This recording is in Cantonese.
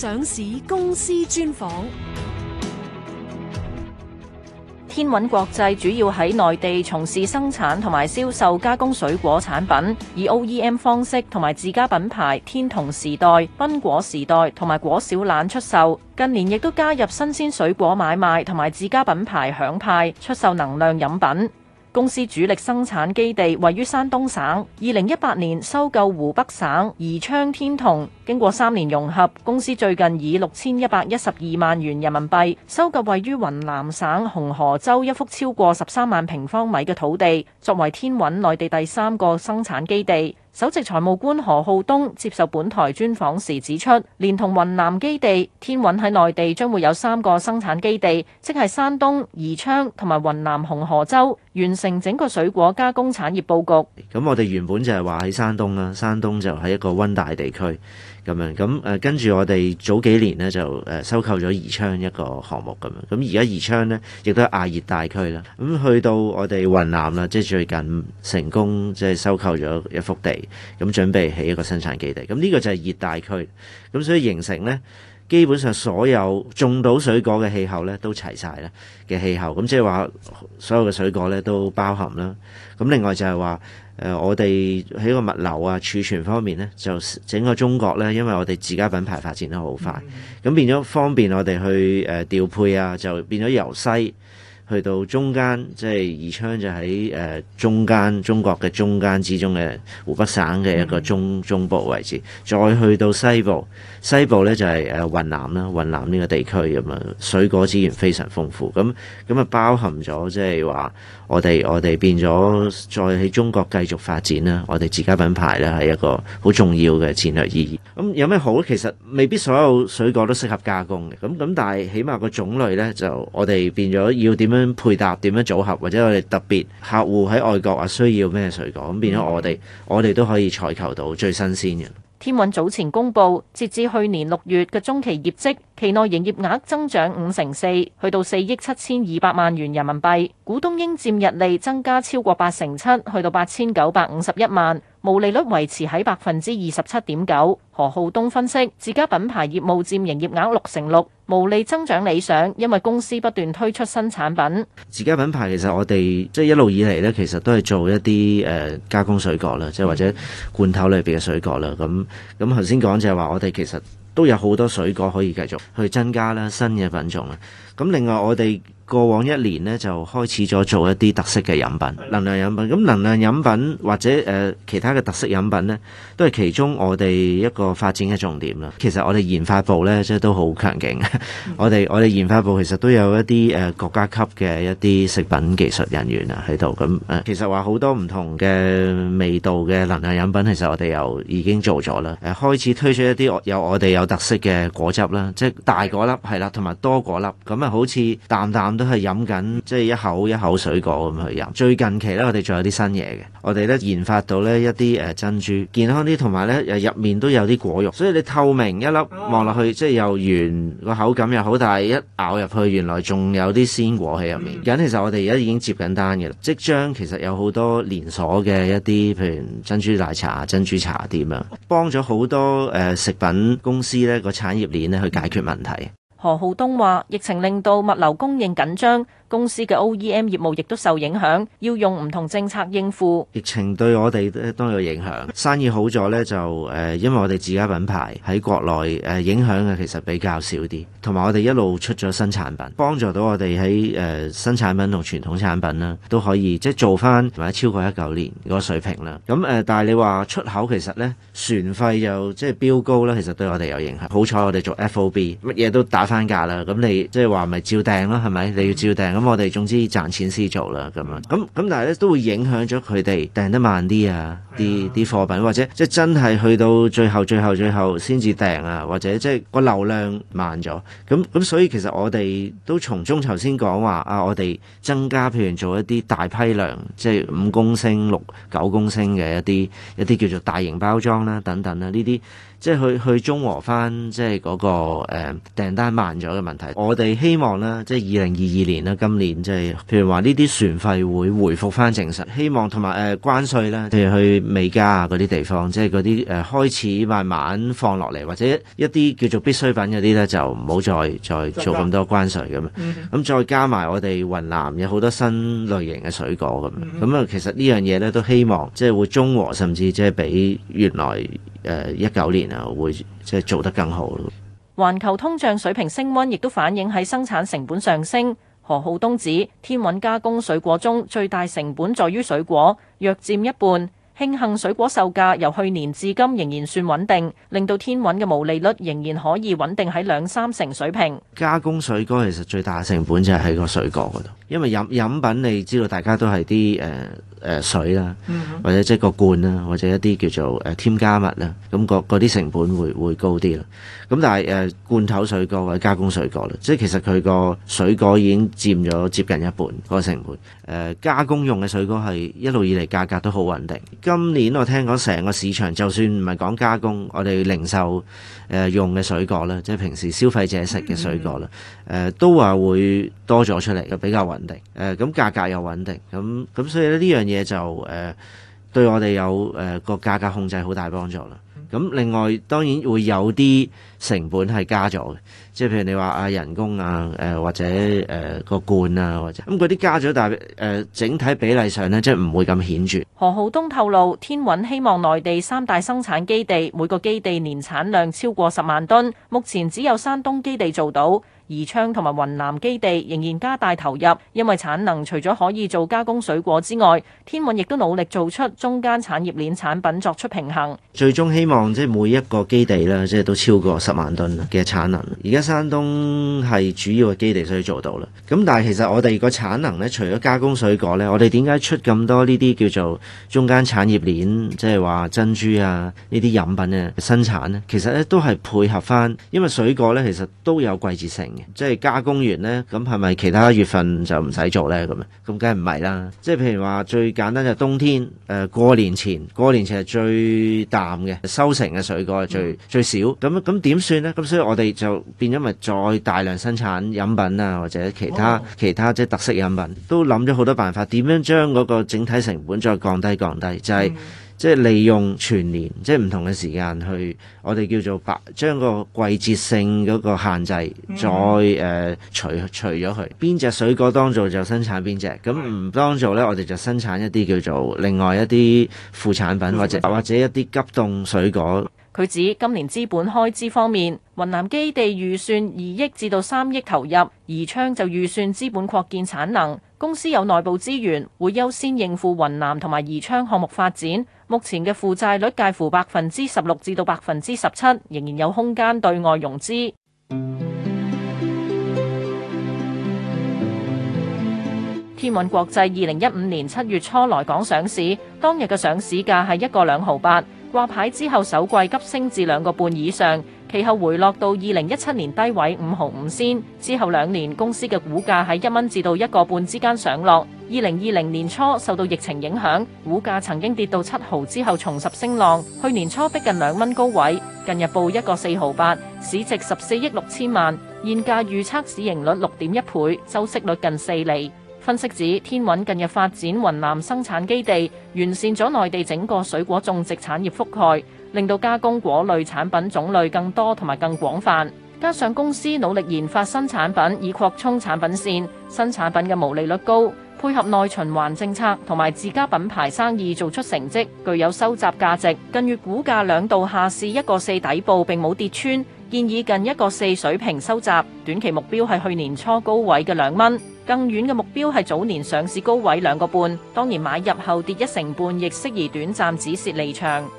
上市公司專訪，天韻國際主要喺內地從事生產同埋銷售加工水果產品，以 OEM 方式同埋自家品牌天同時代、繽果時代同埋果小懶出售。近年亦都加入新鮮水果買賣同埋自家品牌享派出售能量飲品。公司主力生產基地位於山東省，二零一八年收購湖北省宜昌天同，經過三年融合，公司最近以六千一百一十二萬元人民幣收購位於雲南省紅河州一幅超過十三萬平方米嘅土地，作為天韻內地第三個生產基地。首席財務官何浩東接受本台專訪時指出，連同雲南基地，天韻喺內地將會有三個生產基地，即係山東、宜昌同埋雲南紅河州，完成整個水果加工產業佈局。咁我哋原本就係話喺山東啦，山東就喺一個溫帶地區咁樣。咁誒跟住我哋早幾年呢，就誒收購咗宜昌一個項目咁樣。咁而家宜昌呢，亦都係亞熱帶區啦。咁去到我哋雲南啦，即係最近成功即係收購咗一幅地。咁準備起一個生產基地，咁呢個就係熱帶區，咁所以形成呢，基本上所有種到水果嘅氣候呢都齊晒啦嘅氣候，咁即係話所有嘅水果呢都包含啦。咁另外就係話，誒、呃、我哋喺個物流啊、儲存方面呢，就整個中國呢，因為我哋自家品牌發展得好快，咁變咗方便我哋去誒、呃、調配啊，就變咗由西。去到中間，即係宜昌就喺誒中間中國嘅中間之中嘅湖北省嘅一個中中部位置，再去到西部，西部咧就係誒雲南啦，雲南呢個地區咁樣，水果資源非常豐富。咁咁啊包含咗即係話，我哋我哋變咗再喺中國繼續發展啦，我哋自家品牌咧係一個好重要嘅戰略意義。咁有咩好咧？其實未必所有水果都適合加工嘅。咁咁但係起碼個種類咧，就我哋變咗要點樣？配搭點樣組合，或者我哋特別客戶喺外國啊，需要咩水果咁，變咗我哋，我哋都可以採購到最新鮮嘅。天韻早前公布，截至去年六月嘅中期業績，期內營業額增長五成四，去到四億七千二百萬元人民幣，股東應占溢利增加超過八成七，去到八千九百五十一萬。毛利率維持喺百分之二十七點九。何浩東分析自家品牌業務佔營業額六成六，毛利增長理想，因為公司不斷推出新產品。自家品牌其實我哋即係一路以嚟呢，其實都係做一啲誒加工水果啦，即係或者罐頭裏邊嘅水果啦。咁咁頭先講就係話我哋其實都有好多水果可以繼續去增加啦，新嘅品種啊。咁另外我哋過往一年咧，就開始咗做一啲特色嘅飲品，能量飲品。咁能量飲品或者誒、呃、其他嘅特色飲品咧，都係其中我哋一個發展嘅重點啦。其實我哋研發部咧，即係都好強勁。我哋我哋研發部其實都有一啲誒、呃、國家級嘅一啲食品技術人員啊喺度。咁誒、呃，其實話好多唔同嘅味道嘅能量飲品，其實我哋又已經做咗啦。誒、呃，開始推出一啲有我哋有特色嘅果汁啦，即係大果粒係啦，同埋多果粒。咁啊，好似淡淡。都係飲緊，即係一口一口水果咁去飲。最近期呢，我哋仲有啲新嘢嘅。我哋呢研發到呢一啲誒、呃、珍珠健康啲，同埋呢又入面都有啲果肉，所以你透明一粒望落去，即係又圓個口感又好大。一咬入去，原來仲有啲鮮果喺入面。咁、mm. 其實我哋而家已經接緊單嘅啦，即將其實有好多連鎖嘅一啲，譬如珍珠奶茶、珍珠茶店啊，幫咗好多誒、呃、食品公司呢個產業鏈呢去解決問題。何浩東話：疫情令到物流供應緊張。公司嘅 OEM 業務亦都受影響，要用唔同政策應付疫情，對我哋都有影響。生意好咗咧，就誒、呃、因為我哋自家品牌喺國內誒、呃、影響嘅其實比較少啲，同埋我哋一路出咗新產品，幫助到我哋喺誒新產品同傳統產品啦，都可以即係做翻或者超過一九年個水平啦。咁、呃、誒，但係你話出口其實咧船費又即係飆高啦，其實對我哋有影響，好彩我哋做 FOB 乜嘢都打翻價啦，咁你即係話咪照訂咯，係咪？你要照訂。咁我哋總之賺錢先做啦，咁樣咁咁，但係咧都會影響咗佢哋訂得慢啲啊，啲啲貨品或者即係真係去到最後、最後、最後先至訂啊，或者即係個流量慢咗，咁咁，所以其實我哋都從中頭先講話啊，我哋增加譬如做一啲大批量，即係五公升、六九公升嘅一啲一啲叫做大型包裝啦，等等啦，呢啲即係去去中和翻即係嗰個誒訂單慢咗嘅問題。我哋希望咧，即係二零二二年咧咁。今年即係，譬如話呢啲船費會回復翻正常，希望同埋誒關稅咧，譬如去美加啊嗰啲地方，即係嗰啲誒開始慢慢放落嚟，或者一啲叫做必需品嗰啲咧，就唔好再再做咁多關稅咁樣。咁再加埋我哋雲南有好多新類型嘅水果咁樣，咁啊，其實呢樣嘢咧都希望即係會中和，甚至即係比原來誒一九年啊會即係做得更好。環球通脹水平升溫，亦都反映喺生產成本上升。何浩東指天韻加工水果中最大成本在於水果，約佔一半。慶幸水果售價由去年至今仍然算穩定，令到天韻嘅毛利率仍然可以穩定喺兩三成水平。加工水果其實最大成本就係喺個水果嗰度，因為飲飲品你知道大家都係啲誒。Uh, 誒、呃、水啦，或者即係個罐啦，或者一啲叫做誒、呃、添加物啦，咁嗰啲成本會會高啲啦。咁但係誒、呃、罐頭水果或者加工水果咧，即係其實佢個水果已經佔咗接近一半，個成本。誒、呃、加工用嘅水果係一路以嚟價格都好穩定。今年我聽講成個市場，就算唔係講加工，我哋零售誒、呃、用嘅水果咧，即係平時消費者食嘅水果咧，誒、mm hmm. 呃、都話會。多咗出嚟嘅，比較穩定，誒、呃，咁價格又穩定，咁咁所以咧，呢樣嘢就誒、呃、對我哋有誒、呃、個價格控制好大幫助啦。咁另外當然會有啲。成本係加咗嘅，即係譬如你話啊人工啊，誒或者誒個罐啊，或者咁嗰啲加咗，大、呃、係整體比例上呢，即係唔會咁顯著。何浩東透露，天韻希望內地三大生產基地每個基地年產量超過十萬噸，目前只有山東基地做到，宜昌同埋雲南基地仍然加大投入，因為產能除咗可以做加工水果之外，天韻亦都努力做出中間產業鏈產品作出平衡。最終希望即係每一個基地啦，即係都超過十萬噸嘅產能，而家山東係主要嘅基地，所以做到啦。咁但係其實我哋個產能咧，除咗加工水果咧，我哋點解出咁多呢啲叫做中間產業鏈，即係話珍珠啊呢啲飲品咧生產咧？其實咧都係配合返，因為水果咧其實都有季節性嘅。即係加工完咧，咁係咪其他月份就唔使做咧？咁樣，咁梗係唔係啦？即係譬如話最簡單就冬天，誒過年前過年前係最淡嘅，收成嘅水果係最、嗯、最少。咁咁點算咧，咁所以我哋就變咗咪再大量生產飲品啊，或者其他、oh. 其他即係特色飲品，都諗咗好多辦法，點樣將嗰個整體成本再降低降低？就係即係利用全年即係唔同嘅時間去，我哋叫做把將個季節性嗰個限制、mm hmm. 再誒、uh, 除除咗佢邊隻水果當做就生產邊隻，咁唔當做咧，我哋就生產一啲叫做另外一啲副產品、mm hmm. 或者或者一啲急凍水果。佢指今年資本開支方面，雲南基地預算二億至到三億投入，宜昌就預算資本擴建產能。公司有內部資源，會優先應付雲南同埋宜昌項目發展。目前嘅負債率介乎百分之十六至到百分之十七，仍然有空間對外融資。天韻國際二零一五年七月初來港上市，當日嘅上市價係一個兩毫八。掛牌之後首季急升至兩個半以上，其後回落到二零一七年低位五毫五仙，之後兩年公司嘅股價喺一蚊至到一個半之間上落。二零二零年初受到疫情影響，股價曾經跌到七毫，之後重拾升浪。去年初逼近兩蚊高位，近日報一個四毫八，市值十四億六千萬，現價預測市盈率六點一倍，周息率近四厘。分析指天韻近日發展雲南生產基地，完善咗內地整個水果種植產業覆蓋，令到加工果類產品種類更多同埋更廣泛。加上公司努力研發新產品，以擴充產品線，新產品嘅毛利率高，配合內循環政策同埋自家品牌生意做出成績，具有收集價值。近月股價兩度下試一個四底部並冇跌穿。建議近一個四水平收集，短期目標係去年初高位嘅兩蚊，更遠嘅目標係早年上市高位兩個半。當然，買入後跌一成半，亦適宜短暫止蝕離場。